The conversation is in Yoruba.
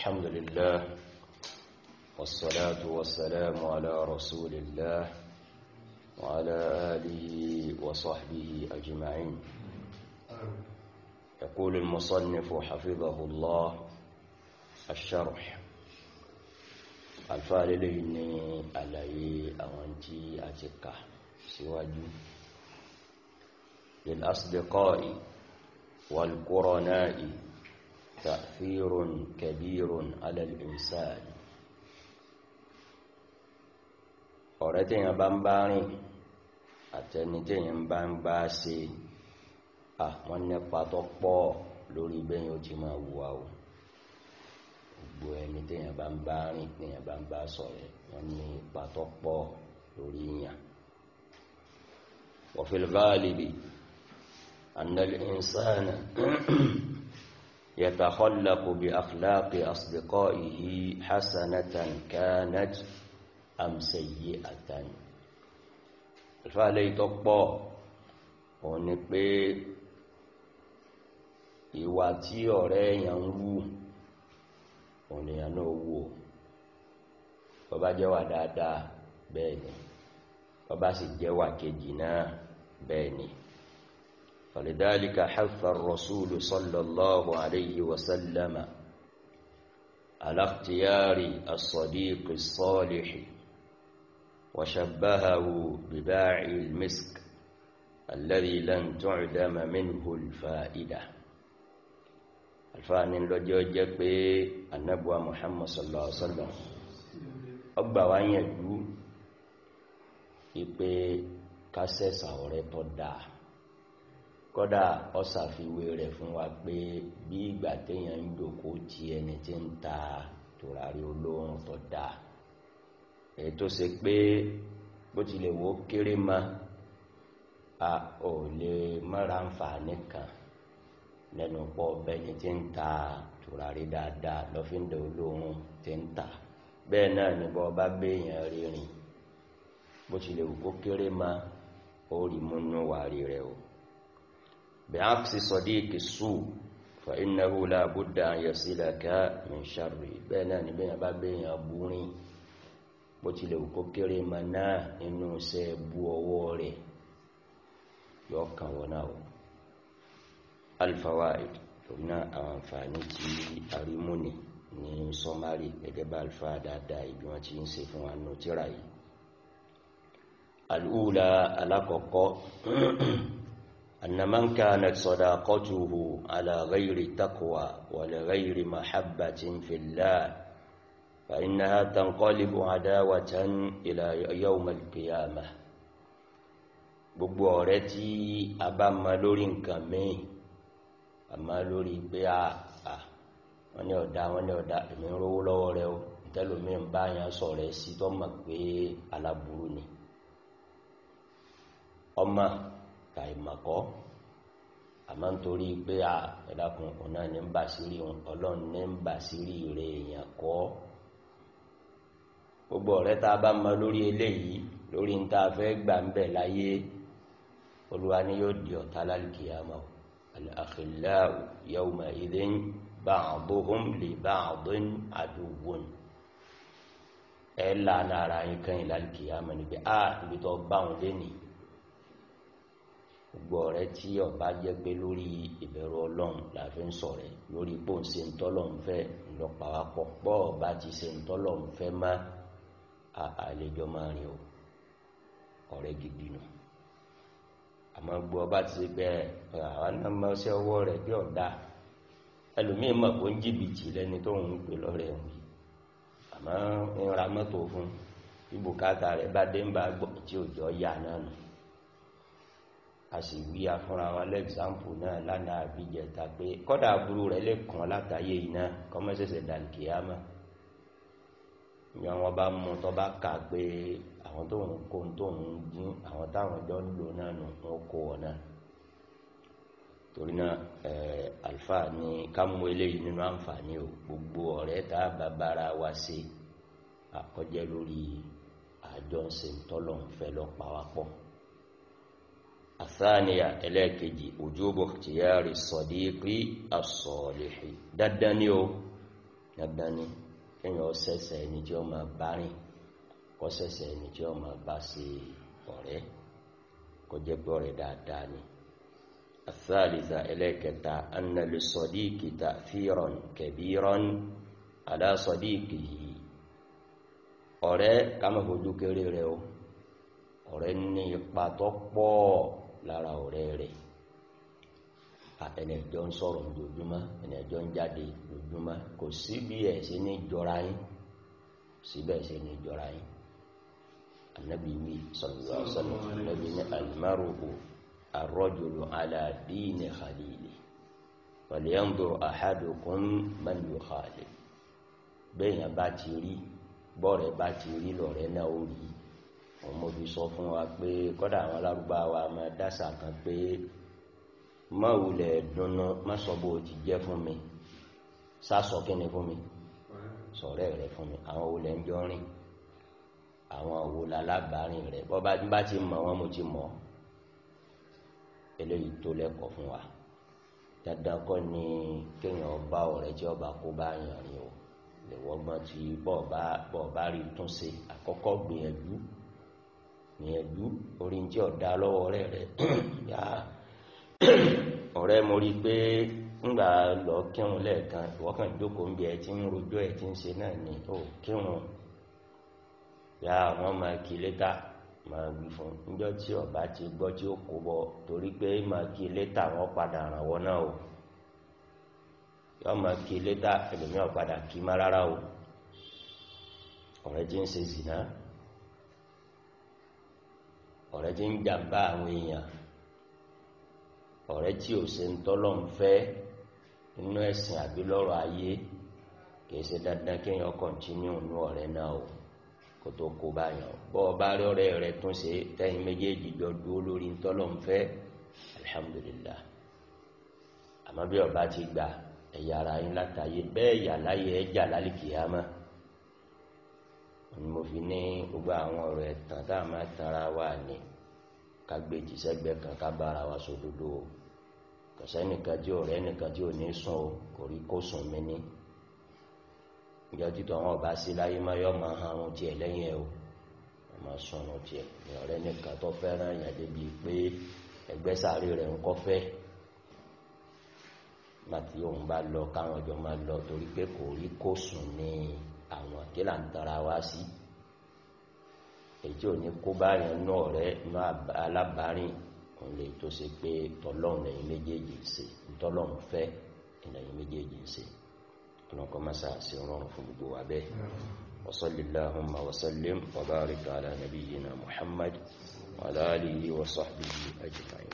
الحمد لله والصلاة والسلام على رسول الله وعلى آله وصحبه أجمعين يقول المصنف حفظه الله الشرح الفعل لهني علي أوانتي أتكه سواجه للأصدقاء والقرناء تأثير كبير على الإنسان أرتي بمباري أتنتي بمباسي أهمني فاتقبا لولي بين يتما هو gbogbo ẹni bá ń bá rìn tẹyàn bá ń bá sọrọ wọn ní ipa tó pọ lórí yàn wọfìlì báàlì bi anàlẹ ẹnsáàna يتخلق بأخلاق أصدقائه حسنة كانت أم سيئة فعلي تقبع òní pé ìwà tí ọ̀rẹ́ èèyàn ń wù òní èèyàn náà wù ó tó bá jẹ́ wà dáadáa bẹ́ẹ̀ ni tó bá sì jẹ́ wà kejì náà bẹ́ẹ̀ ni فلذلك حث الرسول صلى الله عليه وسلم على اختيار الصديق الصالح وشبهه بباعي المسك الذي لن تعدم منه الفائدة الفاني لجو جبي محمد صلى الله عليه وسلم ọgbà wa yẹn dú ipe kásẹ̀sà ọ̀rẹ́ tó dáa kọ́dà ọ̀sàfiwé rẹ̀ fún wa pé bí ìgbà téèyàn ń jókòó ti ẹni tí ń ta tòràrí olóòrùn tó dáa èyí tó ṣe pé bó tilẹ̀ wò ó kéré ma a ò lè mọ́ra ń fà nìkan lẹ́nu pọ̀ bẹ́ni tí ń ta tòràrí dáadáa lọ́fíńdà olóòrùn tí ń ta bẹ́ẹ̀ náà ni bọ́ bá béèyàn rírìn bó tilẹ̀ wò kéré ma ó rí múnú wàrí rẹ̀ o. بعكس صديق السوء فإنه لا بد أن يصلك من شره bẹ́ẹ̀ náà ni bẹ́ẹ̀ bá bẹ́yàn búrin bó tilẹ̀ òkó kéré ma náà inú iṣẹ́ bú ọwọ́ rẹ̀ yọ kàn wọ́n náà alfawaid òun náà àwọn àǹfààní tí arímúni ní sọmárì gẹ́gẹ́ bá alfa dáadáa ibi wọn ti ń ṣe fún wa nù tíra yìí alúùlà alákọ̀ọ́kọ́ أن من كانت صداقته على غير تقوى ولغير محبة في الله فإنها تنقلب عداوة إلى يوم القيامة gbogbo ọ̀rẹ́ tí a bá ma lórí nǹkan míì a ma lórí pé a à wọ́n ní ọ̀dá wọ́n ní ọ̀dá èmi ń rówó lọ́wọ́ rẹ o tẹ́lòmí ń bá yàn sọ̀rọ̀ ẹ̀ sí tó mọ̀ pé aláburú ni ọmọ àtà ìmọ̀kọ́ àmọ́ nítorí pé à ẹ̀dàkùn ọ̀nà ní ń bà sírí ọlọ́run ní ń bà sírí rẹ̀ èèyàn kọ́ gbogbo ọ̀rẹ́ tá a bá mọ lórí eléyìí lórí ń ta fẹ́ gbà ń bẹ̀ láyé olúwa ni yóò di ọ̀tá lálùkìyàmọ́ al-akhillau yawma idhin ba'duhum li ba'din aduwwun ẹ̀ lànà ara yín kan ìlàlùkìyàmọ́ níbi a níbi tó bá wọn lé nìyí gbogbo ọ̀rẹ́ tí ọba jẹ́ pé lórí ìbẹ̀rù ọlọ́run la fi ń sọ̀rẹ́ lórí bó ń ṣe ń tọ́lọ́run fẹ́ ńlọpàápọ̀ pọ̀ ọba ti ṣe ń tọ́lọ́run fẹ́ má àlejò máa rìn o ọ̀rẹ́ gidi nù àmọ́ gbọ́ ọba ti ṣe pé àwọn náà máa ṣe ọwọ́ rẹ̀ bí ọ̀dà ẹlòmíín mọ̀ kó ń jìbìtì lẹ́ni tó ń pè lọ́rẹ́ òun yìí àmọ́ ń ra mọ́tò fún ibùkátà rẹ̀ bá dé ń bá gbọ́ tí òjò yà náà nù a sì wí afúnra wa lẹ́gbàmpù náà lánàá àbíjẹta pé kọ́dà aburú rẹ̀ lè kàn látàyè iná kọ́mọ́sẹ̀sẹ̀ dànkìyàmà ìyá wọn bá mú tó bá kà pé àwọn tó ń kó tó ń dín àwọn táwọn jọ ń lò náà nù wọn kó wọn náà torí náà ẹ àlùfáà ní ká mú eléyìí nínú àǹfààní o gbogbo ọ̀rẹ́ tá a bá bára wa ṣe àkọjẹ́ lórí àjọ ń ṣe tọ́lọ̀ ń fẹ́ lọ pa pọ̀ thaniya ẹlẹ́ẹ̀kejì ojúbọ tìyàrí sọ̀díkì àsọ̀lẹ̀hì dandan ni o dandan ni kéèyàn ọ̀sẹ̀sẹ̀ ẹni tí ó máa bá rìn kọ́sẹ̀sẹ̀ ẹni tí ó máa bá ṣe ọ̀rẹ́ kó jẹ́ pé ọ̀rẹ́ dáadáa ni الثالثة إليكتا أن للصديق تأثيرا كبيرا على صديقه ọ̀rẹ́ ká má fojú kéré rẹ̀ o ọ̀rẹ́ ní ipa tó pọ̀ lára ọ̀rẹ́ rẹ̀ ẹni ẹjọ́ ń sọ̀rọ̀ lójúmọ́ ẹni ẹjọ́ ń jáde lójúmọ́ kò sí bí ẹ̀ ṣe ní jọra yín síbẹ̀ ṣe ní jọra yín anabi mi sọlọ sọlọ anabi ní alimaruhu arọjulu aladini khalili wàlẹ́yàndòrò ahadukun mẹ́lú khalil bẹ́ẹ̀ yẹn bá ti rí bọ́ọ̀rẹ́ bá ti rí lọ́rẹ́ náà ó rí i òun mo fi sọ fún wa pé kọ́dà àwọn alárúbáwá máa dásà kan pé má wulẹ̀ dùnnú má sọ bó ti jẹ́ fún mi sá sọ kí ni fún mi sọ̀rẹ́ rẹ fún mi àwọn wo lẹ́ ń jọ rìn àwọn wo lalábàárìn rẹ bọ́ba bá ti mọ̀ wọ́n mo ti mọ̀ eléyìí tó lẹ́kọ̀ọ́ fún wa dandan kọ́ ni kéèyàn bá ọ̀rẹ́ tí ọba kó bá yàn rìn o lè wọ́gbọ́n tí bọ́ọ̀bá rí túnṣe àkọ́kọ́ gbìyànjú gbìyànjú orí ń jẹ́ lọ́wọ́ ọ̀rẹ́ rẹ̀ yá mo rí i pé ńgbà lọ kírun lẹ́ẹ̀kan ìwọ́kàn jókòó ń bí ẹ ti ń rojọ ẹ ti ń ṣe náà ni ó kírun ya wọ́n máa kí máa fún tí ọba ti gbọ́ tí ó kó bọ torí pé máa kí padà ràn náà o yọ máa kí létà ẹlòmíràn padà kí ọ̀rẹ́ tí ń jàmbá àwọn èèyàn ọ̀rẹ́ tí ò ṣe ń tọ́lọ́ ń fẹ́ inú ẹ̀sìn àbí lọ́rọ̀ ayé kìí ṣe dandan kọ̀ntínú inú ọ̀rẹ́ náà o kó tó kó báyàn bọ́ ọ bá rí ọ̀rẹ́ rẹ tún ṣe tẹ́yìn méjèèjì ọba ti gbà ẹ̀yà ara yín látàyè bẹ́ẹ̀ yà láyé lálẹ́ kìí mo fi ní gbogbo àwọn ọ̀rọ̀ ẹ̀tàn tá a máa tanra wa ní ká kan ká bára wa o kò sẹ́nìkan tí ò rẹ́nìkan tí ò ní sùn o kò rí kó sùn mí ní ìjọ sí láyé yọ máa han o ẹ máa sùn ohun tiẹ̀ ní ọ̀rẹ́ nìkan tó fẹ́ràn yàn pé sáré ń òun bá lọ káwọn máa lọ torí pé kò rí àwọn kílà ń tara wá sí èyí ò ní kó báyẹn náà rẹ ní alábàárín òun lè tó ṣe pé tọlọ́run ẹ̀yìn méjèèjì ń ṣe tọlọ́run fẹ́ ẹ̀yìn méjèèjì ń ṣe ọ̀nà kan máa ṣàṣẹ ọ̀rọ̀ fún gbogbo wa bẹ́ẹ̀ wasalilahu ma wasalim wa barika ala nabiyina muhammad wa alihi wa sahbihi ajma'in